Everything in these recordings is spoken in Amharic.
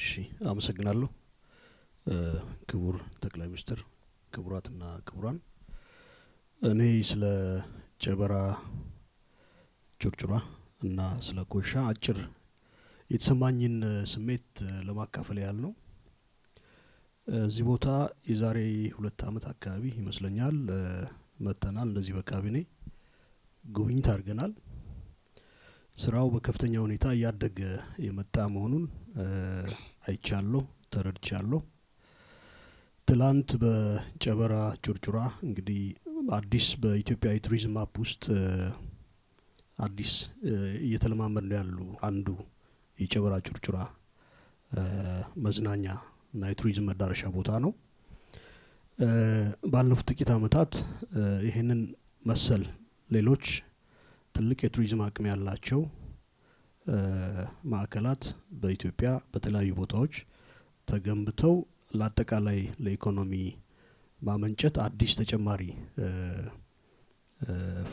እሺ አመሰግናለሁ። ክቡር ጠቅላይ ሚኒስትር፣ ክቡራትና ክቡራን እኔ ስለ ጨበራ ጩርጩራ እና ስለ ኮሻ አጭር የተሰማኝን ስሜት ለማካፈል ያህል ነው። እዚህ ቦታ የዛሬ ሁለት አመት አካባቢ ይመስለኛል መተናል። እንደዚህ በካቢኔ ጉብኝት አድርገናል። ስራው በከፍተኛ ሁኔታ እያደገ የመጣ መሆኑን አይቻለሁ፣ ተረድቻለሁ። ትላንት በጨበራ ጩርጩራ እንግዲህ አዲስ በኢትዮጵያ የቱሪዝም አፕ ውስጥ አዲስ እየተለማመድ ነው ያሉ አንዱ የጨበራ ጩርጩራ መዝናኛ እና የቱሪዝም መዳረሻ ቦታ ነው። ባለፉት ጥቂት ዓመታት ይህንን መሰል ሌሎች ትልቅ የቱሪዝም አቅም ያላቸው ማዕከላት በኢትዮጵያ በተለያዩ ቦታዎች ተገንብተው ለአጠቃላይ ለኢኮኖሚ ማመንጨት አዲስ ተጨማሪ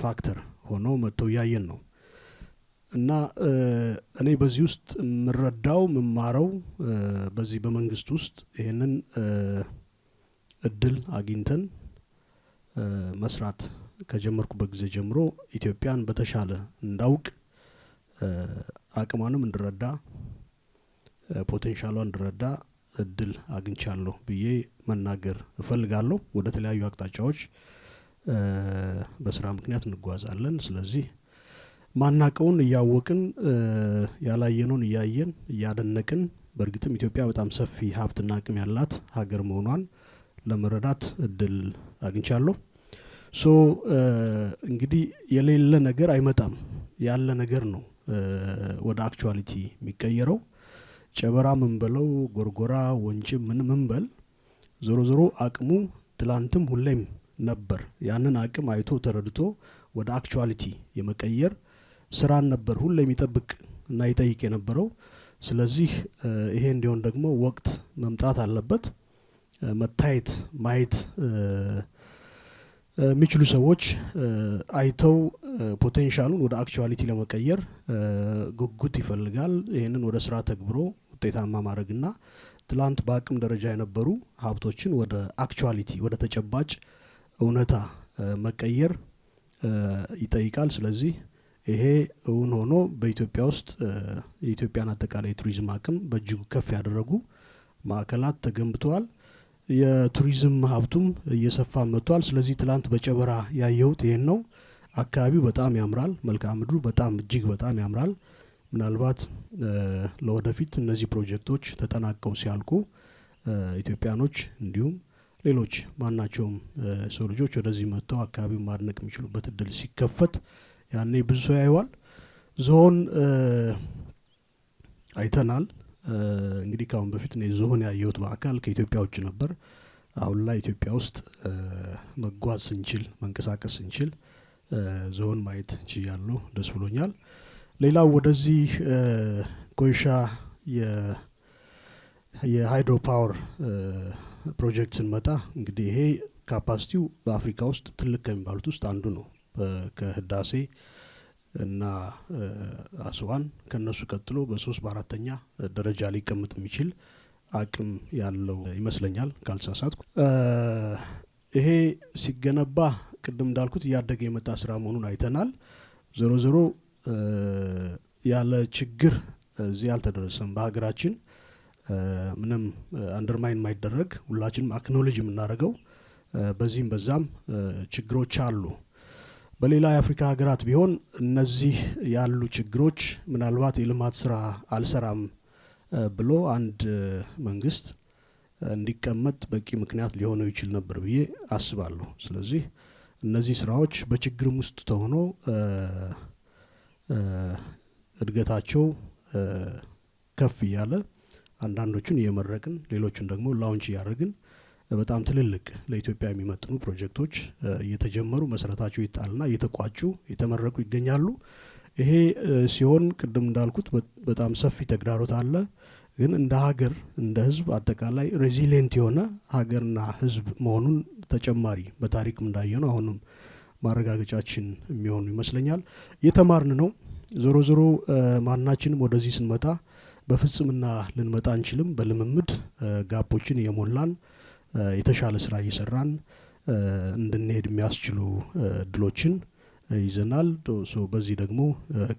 ፋክተር ሆኖ መጥተው እያየን ነው እና እኔ በዚህ ውስጥ የምረዳው የምማረው በዚህ በመንግስት ውስጥ ይህንን እድል አግኝተን መስራት ከጀመርኩበት ጊዜ ጀምሮ ኢትዮጵያን በተሻለ እንዳውቅ አቅሟንም እንድረዳ ፖቴንሻሏ እንድረዳ እድል አግኝቻለሁ ብዬ መናገር እፈልጋለሁ። ወደ ተለያዩ አቅጣጫዎች በስራ ምክንያት እንጓዛለን። ስለዚህ ማናቀውን እያወቅን ያላየነውን እያየን እያደነቅን በእርግጥም ኢትዮጵያ በጣም ሰፊ ሀብትና አቅም ያላት ሀገር መሆኗን ለመረዳት እድል አግኝቻለሁ። ሶ እንግዲህ የሌለ ነገር አይመጣም፣ ያለ ነገር ነው ወደ አክቹዋሊቲ የሚቀየረው። ጨበራ ምንበለው ጎርጎራ፣ ወንጭ ምን ምንበል ዞሮ ዞሮ አቅሙ ትላንትም ሁሌም ነበር። ያንን አቅም አይቶ ተረድቶ ወደ አክቹዋሊቲ የመቀየር ስራን ነበር ሁሌም ይጠብቅ እና ይጠይቅ የነበረው። ስለዚህ ይሄ እንዲሆን ደግሞ ወቅት መምጣት አለበት፣ መታየት ማየት የሚችሉ ሰዎች አይተው ፖቴንሻሉን ወደ አክቹዋሊቲ ለመቀየር ጉጉት ይፈልጋል። ይህንን ወደ ስራ ተግብሮ ውጤታማ ማድረግና ትላንት በአቅም ደረጃ የነበሩ ሀብቶችን ወደ አክቹዋሊቲ ወደ ተጨባጭ እውነታ መቀየር ይጠይቃል። ስለዚህ ይሄ እውን ሆኖ በኢትዮጵያ ውስጥ የኢትዮጵያን አጠቃላይ የቱሪዝም አቅም በእጅጉ ከፍ ያደረጉ ማዕከላት ተገንብተዋል። የቱሪዝም ሀብቱም እየሰፋ መጥቷል። ስለዚህ ትላንት በጨበራ ያየሁት ይህን ነው። አካባቢው በጣም ያምራል። መልካ ምድሩ በጣም እጅግ በጣም ያምራል። ምናልባት ለወደፊት እነዚህ ፕሮጀክቶች ተጠናቀው ሲያልቁ ኢትዮጵያኖች እንዲሁም ሌሎች ማናቸውም ሰው ልጆች ወደዚህ መጥተው አካባቢውን ማድነቅ የሚችሉበት እድል ሲከፈት ያኔ ብዙ ሰው ያየዋል። ዞን አይተናል። እንግዲህ ከአሁን በፊት እኔ ዝሆን ያየሁት በአካል ከኢትዮጵያ ውጭ ነበር። አሁን ላይ ኢትዮጵያ ውስጥ መጓዝ ስንችል መንቀሳቀስ ስንችል ዝሆን ማየት ችያለሁ። ደስ ብሎኛል። ሌላው ወደዚህ ኮይሻ የሃይድሮ ፓወር ፕሮጀክት ስንመጣ እንግዲህ ይሄ ካፓሲቲው በአፍሪካ ውስጥ ትልቅ ከሚባሉት ውስጥ አንዱ ነው። ከህዳሴ እና አስዋን ከነሱ ቀጥሎ በሶስት በአራተኛ ደረጃ ሊቀመጥ የሚችል አቅም ያለው ይመስለኛል ካልተሳሳትኩ። ይሄ ሲገነባ ቅድም እንዳልኩት እያደገ የመጣ ስራ መሆኑን አይተናል። ዞሮ ዞሮ ያለ ችግር እዚህ አልተደረሰም። በሀገራችን ምንም አንደርማይን የማይደረግ ሁላችንም አክኖሎጂ የምናደርገው በዚህም በዛም ችግሮች አሉ። በሌላ የአፍሪካ ሀገራት ቢሆን እነዚህ ያሉ ችግሮች ምናልባት የልማት ስራ አልሰራም ብሎ አንድ መንግስት እንዲቀመጥ በቂ ምክንያት ሊሆነው ይችል ነበር ብዬ አስባለሁ። ስለዚህ እነዚህ ስራዎች በችግርም ውስጥ ተሆኖ እድገታቸው ከፍ እያለ አንዳንዶቹን እየመረቅን ሌሎቹን ደግሞ ላውንች እያደረግን በጣም ትልልቅ ለኢትዮጵያ የሚመጥኑ ፕሮጀክቶች እየተጀመሩ መሰረታቸው ይጣልና እየተቋጩ የተመረቁ ይገኛሉ። ይሄ ሲሆን ቅድም እንዳልኩት በጣም ሰፊ ተግዳሮት አለ። ግን እንደ ሀገር እንደ ህዝብ አጠቃላይ ሬዚሊየንት የሆነ ሀገርና ህዝብ መሆኑን ተጨማሪ በታሪክም እንዳየ ነው አሁንም ማረጋገጫችን የሚሆኑ ይመስለኛል። እየተማርን ነው። ዞሮ ዞሮ ማናችንም ወደዚህ ስንመጣ በፍጽምና ልንመጣ አንችልም። በልምምድ ጋፖችን እየሞላን የተሻለ ስራ እየሰራን እንድንሄድ የሚያስችሉ እድሎችን ይዘናል። በዚህ ደግሞ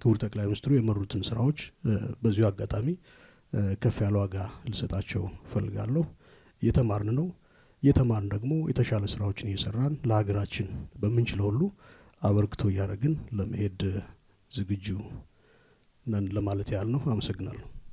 ክቡር ጠቅላይ ሚኒስትሩ የመሩትን ስራዎች በዚሁ አጋጣሚ ከፍ ያለ ዋጋ ልሰጣቸው ፈልጋለሁ እየተማርን ነው። እየተማርን ደግሞ የተሻለ ስራዎችን እየሰራን ለሀገራችን በምንችለው ሁሉ አበርክቶ እያደረግን ለመሄድ ዝግጁ ነን ለማለት ያህል ነው። አመሰግናለሁ።